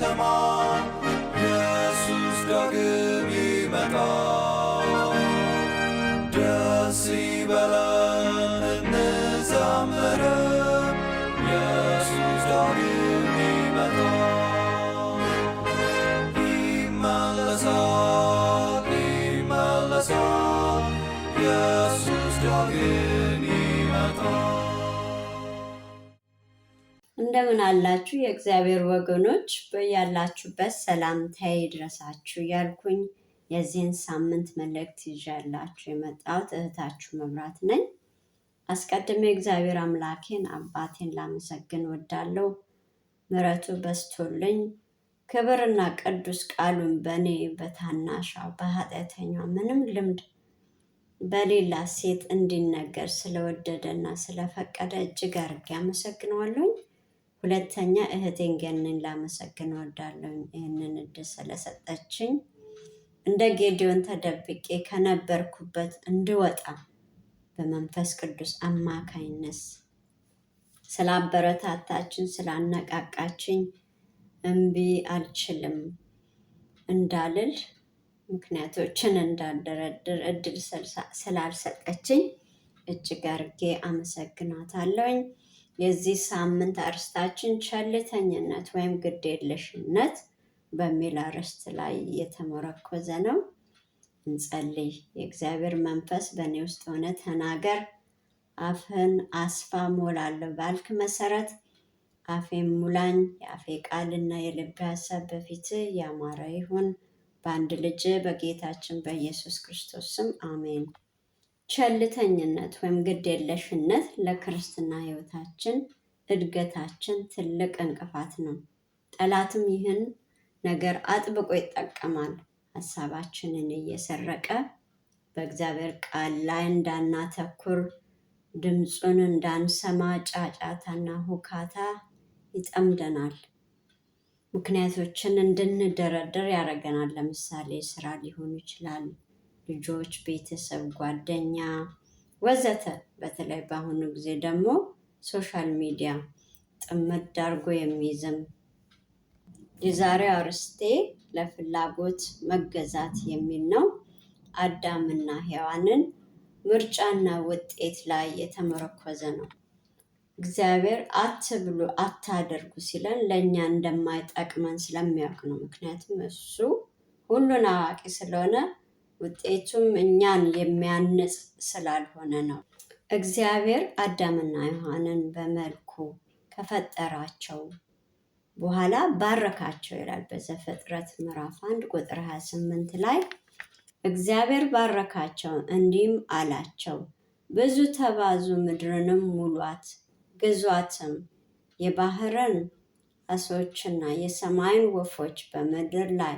on. ያላችሁ የእግዚአብሔር ወገኖች በያላችሁበት ሰላምታዬ ይድረሳችሁ ያልኩኝ የዚህን ሳምንት መልእክት ይዣላችሁ የመጣሁት እህታችሁ መብራት ነኝ። አስቀድሜ እግዚአብሔር አምላኬን አባቴን ላመሰግን ወዳለው ምረቱ በስቶልኝ ክብርና ቅዱስ ቃሉን በእኔ በታናሻ በኃጢአተኛ ምንም ልምድ በሌላ ሴት እንዲነገር ስለወደደና ስለፈቀደ እጅግ አድርጌ አመሰግነዋለሁኝ። ሁለተኛ እህቴን ገንን ላመሰግን እወዳለሁ። ይህንን እድል ስለሰጠችኝ እንደ ጌዲዮን ተደብቄ ከነበርኩበት እንድወጣ በመንፈስ ቅዱስ አማካይነት ስላበረታታችን፣ ስላነቃቃችኝ እምቢ አልችልም እንዳልል ምክንያቶችን እንዳደረድር እድል ስላልሰጠችኝ እጅግ አድርጌ አመሰግናታለሁኝ። የዚህ ሳምንት አርስታችን ቸልተኝነት ወይም ግዴለሽነት በሚል አርዕስት ላይ የተመረኮዘ ነው። እንጸልይ። የእግዚአብሔር መንፈስ በእኔ ውስጥ ሆነ ተናገር፣ አፍህን አስፋ ሞላለሁ ባልክ መሰረት አፌን ሙላኝ። የአፌ ቃልና የልብ ሀሳብ በፊት ያማረ ይሁን። በአንድ ልጅ በጌታችን በኢየሱስ ክርስቶስ ስም አሜን። ቸልተኝነት ወይም ግዴለሽነት ለክርስትና ህይወታችን እድገታችን ትልቅ እንቅፋት ነው። ጠላትም ይህን ነገር አጥብቆ ይጠቀማል። ሀሳባችንን እየሰረቀ በእግዚአብሔር ቃል ላይ እንዳናተኩር፣ ድምፁን እንዳንሰማ፣ ጫጫታና ሁካታ ይጠምደናል። ምክንያቶችን እንድንደረደር ያደርገናል። ለምሳሌ ስራ ሊሆን ይችላል ልጆች፣ ቤተሰብ፣ ጓደኛ ወዘተ። በተለይ በአሁኑ ጊዜ ደግሞ ሶሻል ሚዲያ ጥምድ ዳርጎ የሚይዝም። የዛሬው አርስቴ ለፍላጎት መገዛት የሚል ነው። አዳምና ሔዋንን ምርጫና ውጤት ላይ የተመረኮዘ ነው። እግዚአብሔር አትብሉ አታደርጉ ሲለን ለእኛ እንደማይጠቅመን ስለሚያውቅ ነው። ምክንያቱም እሱ ሁሉን አዋቂ ስለሆነ ውጤቱም እኛን የሚያንጽ ስላልሆነ ነው። እግዚአብሔር አዳምና ዮሐንን በመልኩ ከፈጠራቸው በኋላ ባረካቸው ይላል በዘፍጥረት ምዕራፍ አንድ ቁጥር 28 ላይ እግዚአብሔር ባረካቸው እንዲህም አላቸው፣ ብዙ ተባዙ፣ ምድርንም ሙሏት፣ ግዟትም የባህርን አሶችና የሰማይን ወፎች በምድር ላይ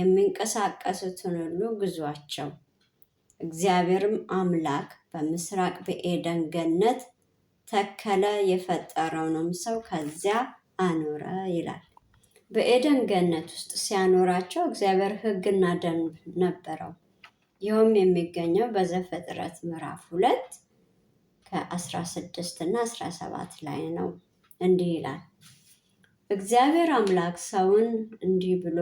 የሚንቀሳቀሱትን ሁሉ ግዟቸው። እግዚአብሔርም አምላክ በምስራቅ በኤደን ገነት ተከለ፣ የፈጠረውንም ሰው ከዚያ አኖረ ይላል። በኤደን ገነት ውስጥ ሲያኖራቸው እግዚአብሔር ሕግና ደንብ ነበረው። ይኸውም የሚገኘው በዘፍጥረት ምዕራፍ ሁለት ከ 16 እና 17 ላይ ነው። እንዲህ ይላል እግዚአብሔር አምላክ ሰውን እንዲህ ብሎ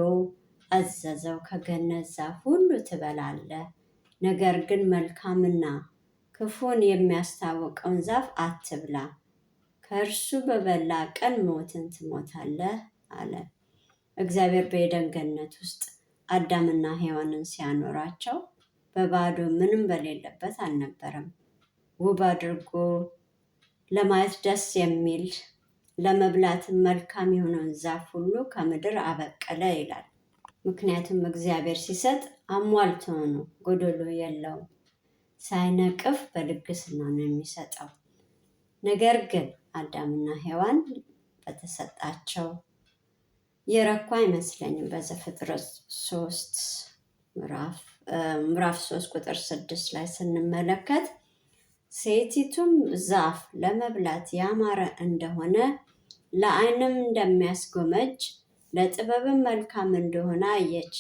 አዘዘው። ከገነት ዛፍ ሁሉ ትበላለህ፣ ነገር ግን መልካምና ክፉን የሚያስታውቀውን ዛፍ አትብላ፣ ከእርሱ በበላ ቀን ሞትን ትሞታለህ አለ። እግዚአብሔር በኤደን ገነት ውስጥ አዳምና ሔዋንን ሲያኖራቸው በባዶ ምንም በሌለበት አልነበረም። ውብ አድርጎ ለማየት ደስ የሚል ለመብላትም መልካም የሆነውን ዛፍ ሁሉ ከምድር አበቀለ ይላል። ምክንያቱም እግዚአብሔር ሲሰጥ አሟልቶ ነው፣ ጎደሎ የለውም። ሳይነቅፍ በልግስና ነው የሚሰጠው። ነገር ግን አዳምና ሔዋን በተሰጣቸው የረኩ አይመስለኝም። በዘፍጥረት ሶስት ምዕራፍ ሶስት ቁጥር ስድስት ላይ ስንመለከት ሴቲቱም ዛፍ ለመብላት ያማረ እንደሆነ ለዓይንም እንደሚያስጎመጅ ለጥበብም መልካም እንደሆነ አየች።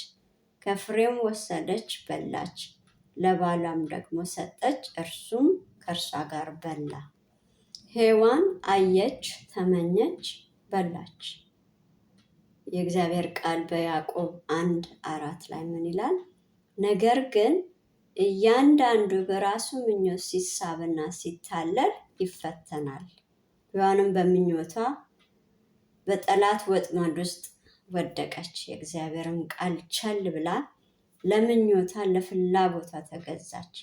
ከፍሬም ወሰደች በላች፣ ለባሏም ደግሞ ሰጠች፣ እርሱም ከእርሷ ጋር በላ። ሔዋን አየች፣ ተመኘች፣ በላች። የእግዚአብሔር ቃል በያዕቆብ አንድ አራት ላይ ምን ይላል? ነገር ግን እያንዳንዱ በራሱ ምኞት ሲሳብና ሲታለል ይፈተናል። ሔዋንም በምኞቷ በጠላት ወጥመድ ውስጥ ወደቀች። የእግዚአብሔርም ቃል ቸል ብላ ለምኞታ ለፍላጎቷ ተገዛች።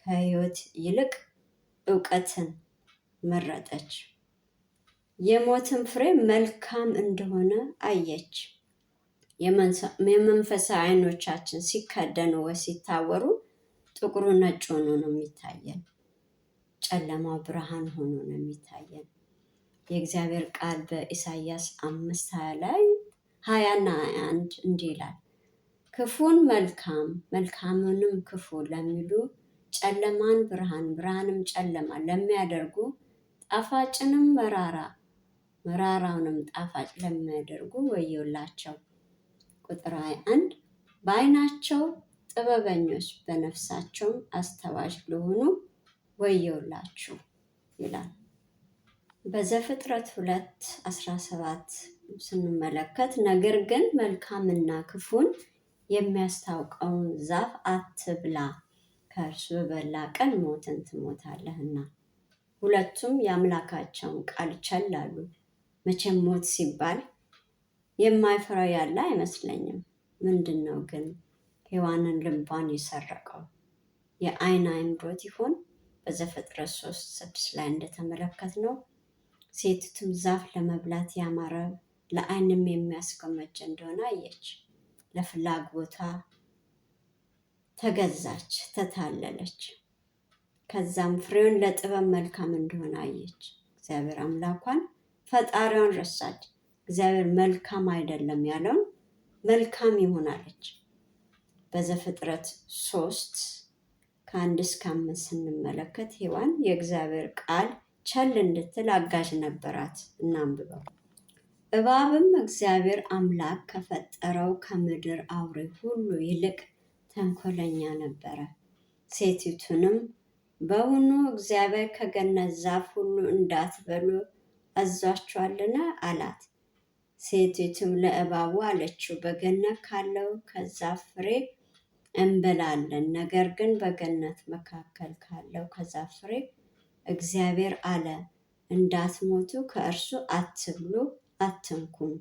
ከህይወት ይልቅ እውቀትን መረጠች። የሞትን ፍሬ መልካም እንደሆነ አየች። የመንፈሳዊ አይኖቻችን ሲከደኑ ወይ ሲታወሩ ጥቁሩ ነጭ ሆኖ ነው የሚታየን፣ ጨለማው ብርሃን ሆኖ ነው የሚታየን። የእግዚአብሔር ቃል በኢሳያስ አምስት ሀያ ላይ ሀያና ሀያ አንድ እንዲህ ይላል ክፉን መልካም መልካምንም ክፉ ለሚሉ ጨለማን ብርሃን ብርሃንም ጨለማ ለሚያደርጉ ጣፋጭንም መራራ መራራውንም ጣፋጭ ለሚያደርጉ ወዮላቸው። ቁጥር አንድ በአይናቸው ጥበበኞች በነፍሳቸውም አስተዋሽ ለሆኑ ወዮላችሁ ይላል። በዘፍጥረት አስራ ሰባት ስንመለከት ነገር ግን መልካምና ክፉን የሚያስታውቀውን ዛፍ አትብላ ከእርሱ በበላ ቀን ሞትን ትሞታለህና። ሁለቱም የአምላካቸውን ቃል ቸላሉ መቼም ሞት ሲባል የማይፈራው ያለ አይመስለኝም። ምንድን ነው ግን ሔዋንን ልቧን የሰረቀው? የአይን አይምሮት ይሆን? በዘፍጥረት ሶስት ስድስት ላይ ነው ሴቲቱም ዛፍ ለመብላት ያማረ ለዓይንም የሚያስቀመጭ እንደሆነ አየች። ለፍላጎቷ ተገዛች፣ ተታለለች። ከዛም ፍሬውን ለጥበብ መልካም እንደሆነ አየች። እግዚአብሔር አምላኳን ፈጣሪዋን ረሳች። እግዚአብሔር መልካም አይደለም ያለውን መልካም ይሆናለች። በዘፍጥረት ሶስት ከአንድ እስከ አምስት ስንመለከት ሔዋን የእግዚአብሔር ቃል ቸል እንድትል አጋዥ ነበራት። እናንብበው። እባብም እግዚአብሔር አምላክ ከፈጠረው ከምድር አውሬ ሁሉ ይልቅ ተንኮለኛ ነበረ። ሴቲቱንም በውኑ እግዚአብሔር ከገነት ዛፍ ሁሉ እንዳትበሉ አዟችኋልን? አላት። ሴቲቱም ለእባቡ አለችው፣ በገነት ካለው ከዛፍ ፍሬ እንበላለን። ነገር ግን በገነት መካከል ካለው ከዛፍ ፍሬ እግዚአብሔር አለ፣ እንዳትሞቱ ከእርሱ አትብሉ አትንኩም።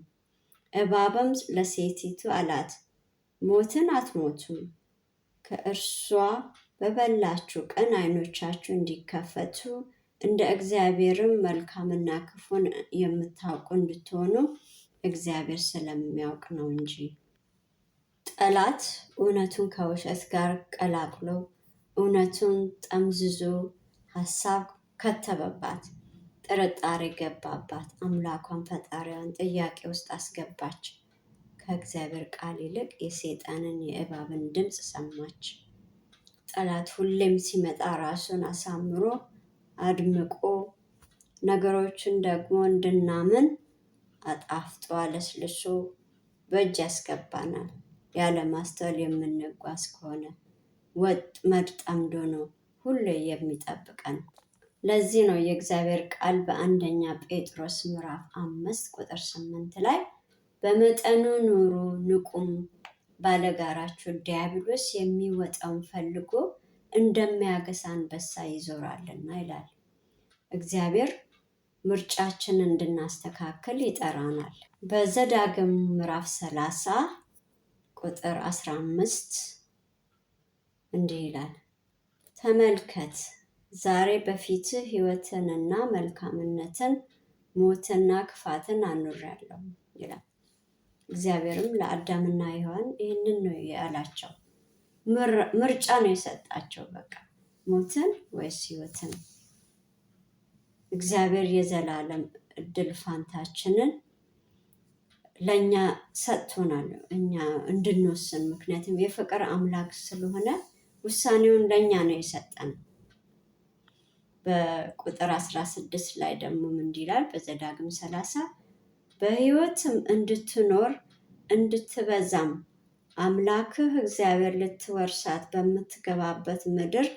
እባብም ለሴቲቱ አላት፣ ሞትን አትሞቱም። ከእርሷ በበላችሁ ቀን ዓይኖቻችሁ እንዲከፈቱ እንደ እግዚአብሔርም መልካምና ክፉን የምታውቁ እንድትሆኑ እግዚአብሔር ስለሚያውቅ ነው እንጂ። ጠላት እውነቱን ከውሸት ጋር ቀላቅሎ እውነቱን ጠምዝዞ ሀሳብ ከተበባት። ጥርጣሬ ገባባት። አምላኳን ፈጣሪዋን ጥያቄ ውስጥ አስገባች። ከእግዚአብሔር ቃል ይልቅ የሰይጣንን የእባብን ድምፅ ሰማች። ጠላት ሁሌም ሲመጣ ራሱን አሳምሮ አድምቆ ነገሮችን ደግሞ እንድናምን አጣፍጦ አለስልሶ በእጅ ያስገባናል። ያለ ማስተዋል የምንጓዝ ከሆነ ወጥመድ ጠምዶ ነው ሁሌ የሚጠብቀን። ለዚህ ነው የእግዚአብሔር ቃል በአንደኛ ጴጥሮስ ምዕራፍ አምስት ቁጥር ስምንት ላይ በመጠኑ ኑሩ፣ ንቁም፣ ባለጋራችሁ ዲያብሎስ የሚወጣውን ፈልጎ እንደሚያገሳ አንበሳ ይዞራልና ይላል። እግዚአብሔር ምርጫችን እንድናስተካከል ይጠራናል። በዘዳግም ምዕራፍ ሰላሳ ቁጥር አስራ አምስት እንዲህ ይላል፣ ተመልከት ዛሬ በፊትህ ህይወትንና መልካምነትን ሞትና ክፋትን አኑሬያለሁ ይላል። እግዚአብሔርም ለአዳምና ሔዋን ይህንን ነው ያላቸው። ምርጫ ነው የሰጣቸው። በቃ ሞትን ወይስ ህይወትን። እግዚአብሔር የዘላለም እድል ፋንታችንን ለእኛ ሰጥቶናል፣ እኛ እንድንወስን። ምክንያቱም የፍቅር አምላክ ስለሆነ ውሳኔውን ለእኛ ነው የሰጠነው። በቁጥር 16 ላይ ደግሞ እንዲህ ይላል በዘዳግም 30 በህይወትም እንድትኖር እንድትበዛም አምላክህ እግዚአብሔር ልትወርሳት በምትገባበት ምድር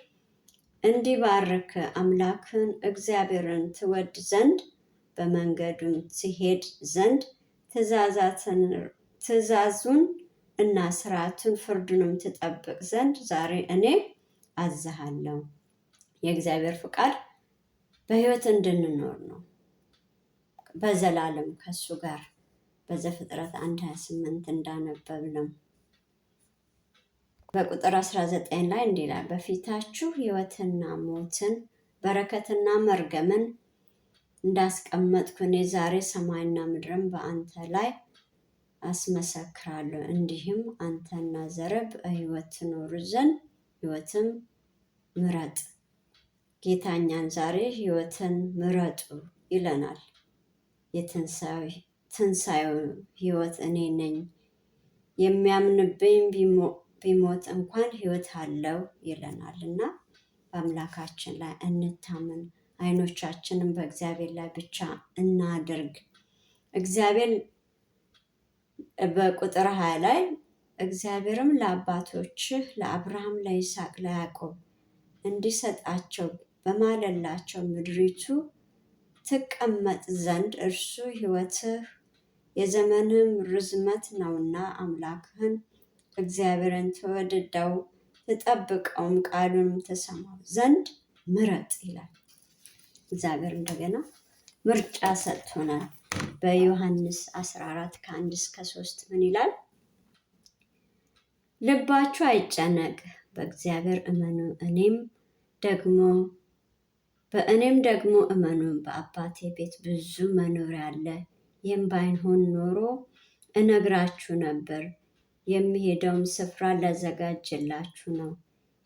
እንዲባርክ አምላክህን እግዚአብሔርን ትወድ ዘንድ በመንገዱም ትሄድ ዘንድ ትእዛዙን እና ስርዓቱን ፍርዱንም ትጠብቅ ዘንድ ዛሬ እኔ አዝሃለሁ። የእግዚአብሔር ፍቃድ በህይወት እንድንኖር ነው በዘላለም ከሱ ጋር በዘፍጥረት አንድ ሀያ ስምንት እንዳነበብንም በቁጥር አስራ ዘጠኝ ላይ እንዲህ ይላል በፊታችሁ ህይወትና ሞትን በረከትና መርገምን እንዳስቀመጥኩ እኔ ዛሬ ሰማይና ምድርን በአንተ ላይ አስመሰክራለሁ እንዲህም አንተና ዘረብ ህይወት ትኖሩ ዘንድ ህይወትም ምረጥ ጌታ እኛን ዛሬ ህይወትን ምረጡ ይለናል። የትንሣኤው ህይወት እኔ ነኝ፣ የሚያምንብኝ ቢሞት እንኳን ህይወት አለው ይለናል እና በአምላካችን ላይ እንታምን አይኖቻችንን በእግዚአብሔር ላይ ብቻ እናድርግ። እግዚአብሔር በቁጥር ሀያ ላይ እግዚአብሔርም ለአባቶችህ ለአብርሃም፣ ለይስሐቅ፣ ለያዕቆብ እንዲሰጣቸው በማለላቸው ምድሪቱ ትቀመጥ ዘንድ እርሱ ሕይወትህ የዘመንህም ርዝመት ነውና አምላክህን እግዚአብሔርን ትወድደው ትጠብቀውም ቃሉንም ትሰማው ዘንድ ምረጥ ይላል። እግዚአብሔር እንደገና ምርጫ ሰጥቶናል። በዮሐንስ 14 ከ1 እስከ 3 ምን ይላል? ልባችሁ አይጨነቅ፣ በእግዚአብሔር እመኑ፣ እኔም ደግሞ በእኔም ደግሞ እመኑን በአባቴ ቤት ብዙ መኖሪያ አለ። ይህም ባይሆን ኖሮ እነግራችሁ ነበር። የሚሄደውም ስፍራ ላዘጋጅላችሁ ነው።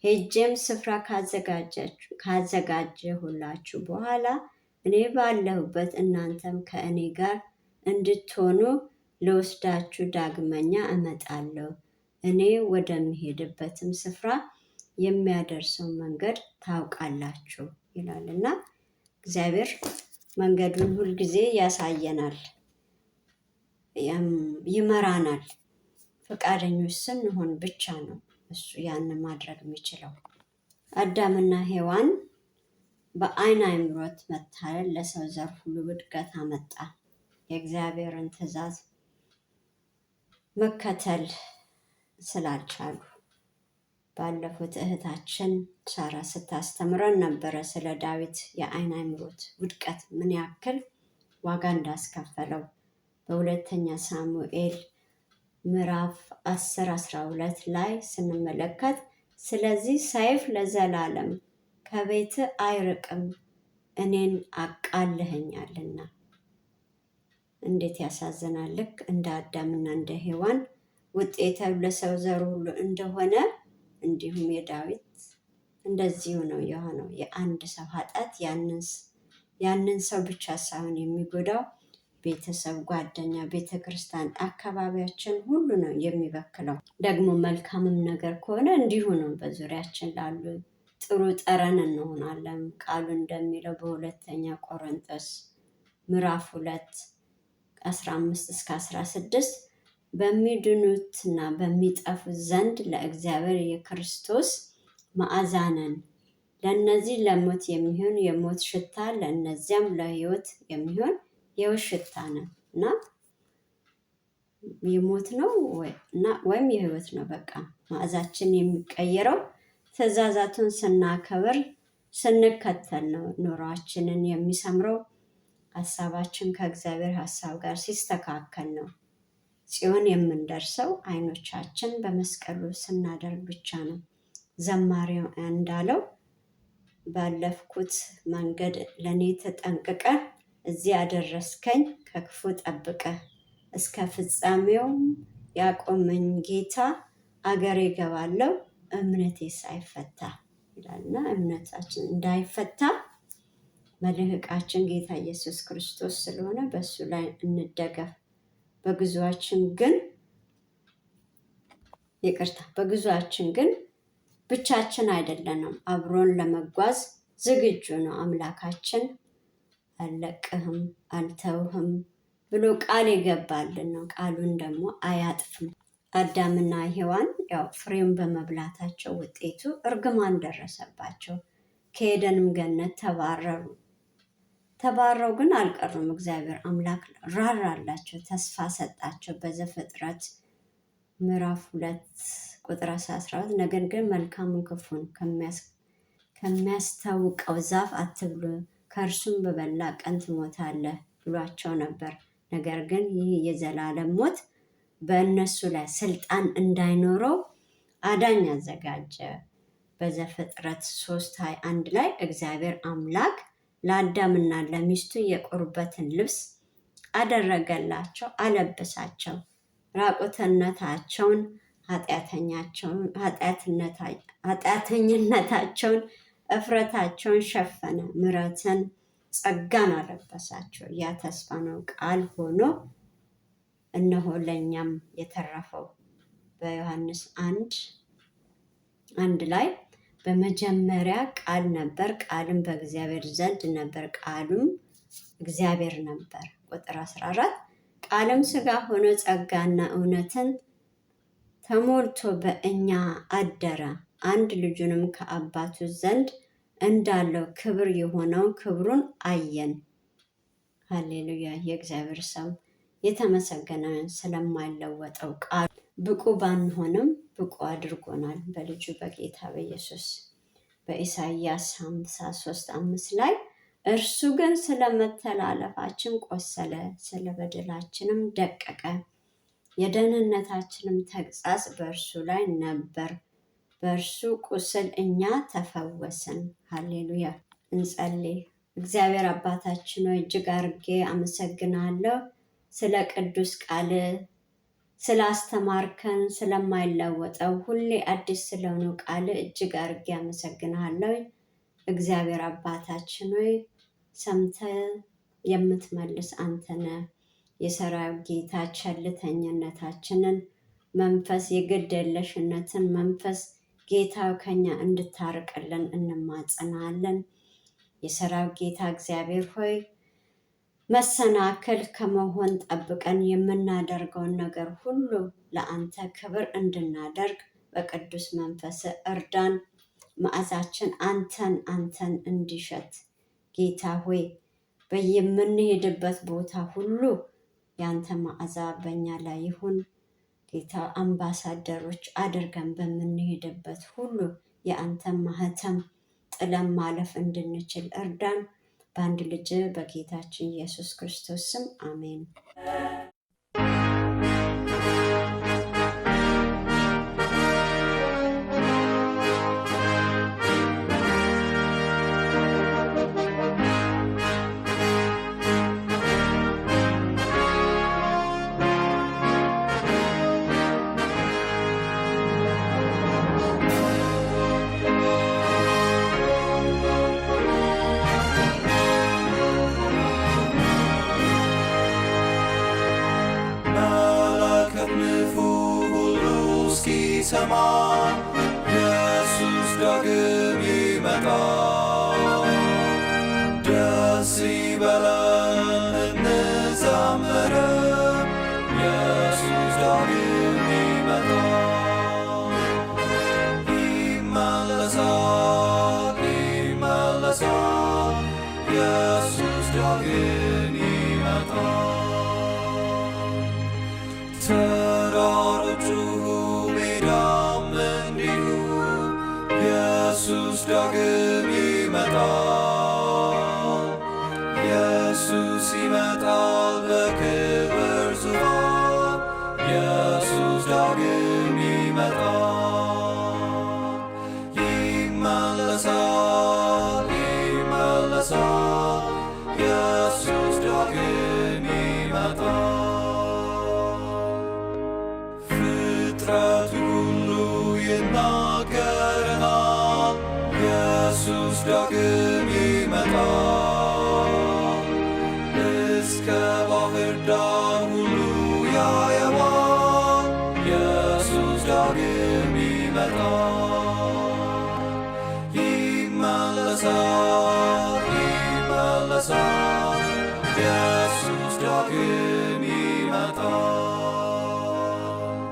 ሄጄም ስፍራ ካዘጋጀሁላችሁ በኋላ እኔ ባለሁበት እናንተም ከእኔ ጋር እንድትሆኑ ልወስዳችሁ ዳግመኛ እመጣለሁ። እኔ ወደሚሄድበትም ስፍራ የሚያደርሰው መንገድ ታውቃላችሁ። ይላል እና እግዚአብሔር መንገዱን ሁልጊዜ ያሳየናል፣ ይመራናል። ፈቃደኞች ስንሆን ብቻ ነው እሱ ያንን ማድረግ የሚችለው። አዳምና ሔዋን በአይን አይምሮት መታለል ለሰው ዘር ሁሉ ውድቀት አመጣ። የእግዚአብሔርን ትእዛዝ መከተል ስላልቻሉ ባለፉት እህታችን ሳራ ስታስተምረን ነበረ ስለ ዳዊት የአይን አምሮት ውድቀት ምን ያክል ዋጋ እንዳስከፈለው በሁለተኛ ሳሙኤል ምዕራፍ 10 12 ላይ ስንመለከት ስለዚህ ሰይፍ ለዘላለም ከቤት አይርቅም እኔን አቃልህኛልና። እንዴት ያሳዝናል! ልክ እንደ አዳምና እንደ ሔዋን ውጤቱ ለሰው ዘር ሁሉ እንደሆነ እንዲሁም የዳዊት እንደዚሁ ነው የሆነው። የአንድ ሰው ኃጢአት ያንን ሰው ብቻ ሳይሆን የሚጎዳው ቤተሰብ፣ ጓደኛ፣ ቤተ ክርስቲያን፣ አካባቢያችን ሁሉ ነው የሚበክለው። ደግሞ መልካምም ነገር ከሆነ እንዲሁ ነው። በዙሪያችን ላሉ ጥሩ ጠረን እንሆናለን። ቃሉ እንደሚለው በሁለተኛ ቆሮንቶስ ምዕራፍ ሁለት አስራ አምስት እስከ አስራ ስድስት በሚድኑትና በሚጠፉት ዘንድ ለእግዚአብሔር የክርስቶስ መዓዛ ነን። ለእነዚህ ለሞት የሚሆን የሞት ሽታ፣ ለእነዚያም ለህይወት የሚሆን የሕይወት ሽታ ነው እና የሞት ነው ወይም የህይወት ነው። በቃ መዓዛችን የሚቀየረው ትእዛዛቱን ስናከብር ስንከተል ነው። ኑሯችንን የሚሰምረው ሀሳባችን ከእግዚአብሔር ሀሳብ ጋር ሲስተካከል ነው። ጽዮን የምንደርሰው አይኖቻችን በመስቀሉ ስናደርግ ብቻ ነው። ዘማሪው እንዳለው ባለፍኩት መንገድ ለእኔ ተጠንቅቀ እዚህ አደረስከኝ ከክፉ ጠብቀ እስከ ፍጻሜውም ያቆመኝ ጌታ አገሬ ገባለው እምነቴ ሳይፈታ ይላልና እምነታችን እንዳይፈታ መልህቃችን ጌታ ኢየሱስ ክርስቶስ ስለሆነ በእሱ ላይ እንደገፍ። በግዟችን ግን ይቅርታ፣ በግዟችን ግን ብቻችን አይደለንም፣ አብሮን ለመጓዝ ዝግጁ ነው። አምላካችን አልለቅህም፣ አልተውህም ብሎ ቃል የገባልን ነው። ቃሉን ደግሞ አያጥፍም። አዳምና ሔዋን ያው ፍሬውን በመብላታቸው ውጤቱ እርግማን ደረሰባቸው። ከኤደንም ገነት ተባረሩ። ተባረው ግን አልቀሩም። እግዚአብሔር አምላክ ራራላቸው፣ ተስፋ ሰጣቸው። በዘፍጥረት ምዕራፍ ሁለት ቁጥር አስራ ሰባት ነገር ግን መልካሙን ክፉን ከሚያስታውቀው ዛፍ አትብሉ ከእርሱም በበላ ቀን ትሞታለህ ብሏቸው ነበር። ነገር ግን ይህ የዘላለም ሞት በእነሱ ላይ ስልጣን እንዳይኖረው አዳኝ አዘጋጀ። በዘፍጥረት ሶስት ሀይ አንድ ላይ እግዚአብሔር አምላክ ለአዳምና ለሚስቱ የቁርበትን ልብስ አደረገላቸው፣ አለበሳቸው። ራቁትነታቸውን፣ ኃጢአተኝነታቸውን፣ እፍረታቸውን ሸፈነ። ምረትን ጸጋን አለበሳቸው። ያ ተስፋ ነው ቃል ሆኖ እነሆ ለእኛም የተረፈው በዮሐንስ አንድ አንድ ላይ በመጀመሪያ ቃል ነበር፣ ቃልም በእግዚአብሔር ዘንድ ነበር፣ ቃሉም እግዚአብሔር ነበር። ቁጥር 14 ቃልም ስጋ ሆኖ ጸጋና እውነትን ተሞልቶ በእኛ አደረ። አንድ ልጁንም ከአባቱ ዘንድ እንዳለው ክብር የሆነውን ክብሩን አየን። ሀሌሉያ! የእግዚአብሔር ሰው የተመሰገነ ስለማይለወጠው ቃሉ ብቁ ባንሆንም ብቁ አድርጎናል በልጁ በጌታ በኢየሱስ በኢሳይያስ 53 አምስት ላይ እርሱ ግን ስለመተላለፋችን ቆሰለ፣ ስለ በደላችንም ደቀቀ፣ የደህንነታችንም ተግሣጽ በእርሱ ላይ ነበር፣ በእርሱ ቁስል እኛ ተፈወስን። ሃሌሉያ። እንጸልይ። እግዚአብሔር አባታችን ሆይ እጅግ አርጌ አመሰግናለሁ ስለ ቅዱስ ቃል ስላስተማርከን ስለማይለወጠው ሁሌ አዲስ ስለሆነው ቃል እጅግ አድርጌ አመሰግንሃለሁ። እግዚአብሔር አባታችን ሆይ ሰምተ የምትመልስ አንተነ የሰራዊት ጌታ ቸልተኝነታችንን መንፈስ የግድ መንፈስ ጌታ ከኛ እንድታርቅልን እንማጸናለን። የሰራዊት ጌታ እግዚአብሔር ሆይ መሰናክል ከመሆን ጠብቀን የምናደርገውን ነገር ሁሉ ለአንተ ክብር እንድናደርግ በቅዱስ መንፈስ እርዳን። መዓዛችን አንተን አንተን እንዲሸት ጌታ ሆይ በየምንሄድበት ቦታ ሁሉ የአንተ መዓዛ በኛ ላይ ይሁን። ጌታ አምባሳደሮች አድርገን በምንሄድበት ሁሉ የአንተን ማህተም ጥለን ማለፍ እንድንችል እርዳን። በአንድ ልጅ በጌታችን ኢየሱስ ክርስቶስ ስም አሜን። ስንሰማ ኢየሱስ ዳግም ይመጣል። ሲመጣ ሲመጣ ይመለሳል ይመለሳል ኢየሱስ ዳግም ይመጣል።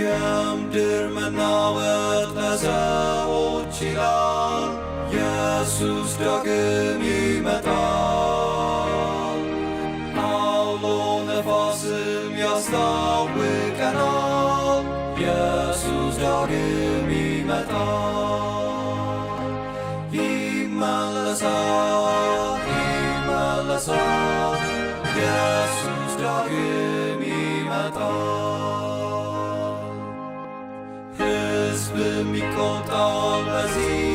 የምድር መናወጥ ለሰዎች ይላል ኢየሱስ ዳግም ዳግም ይመጣል። ሕዝብ የሚቆጣው በዚህ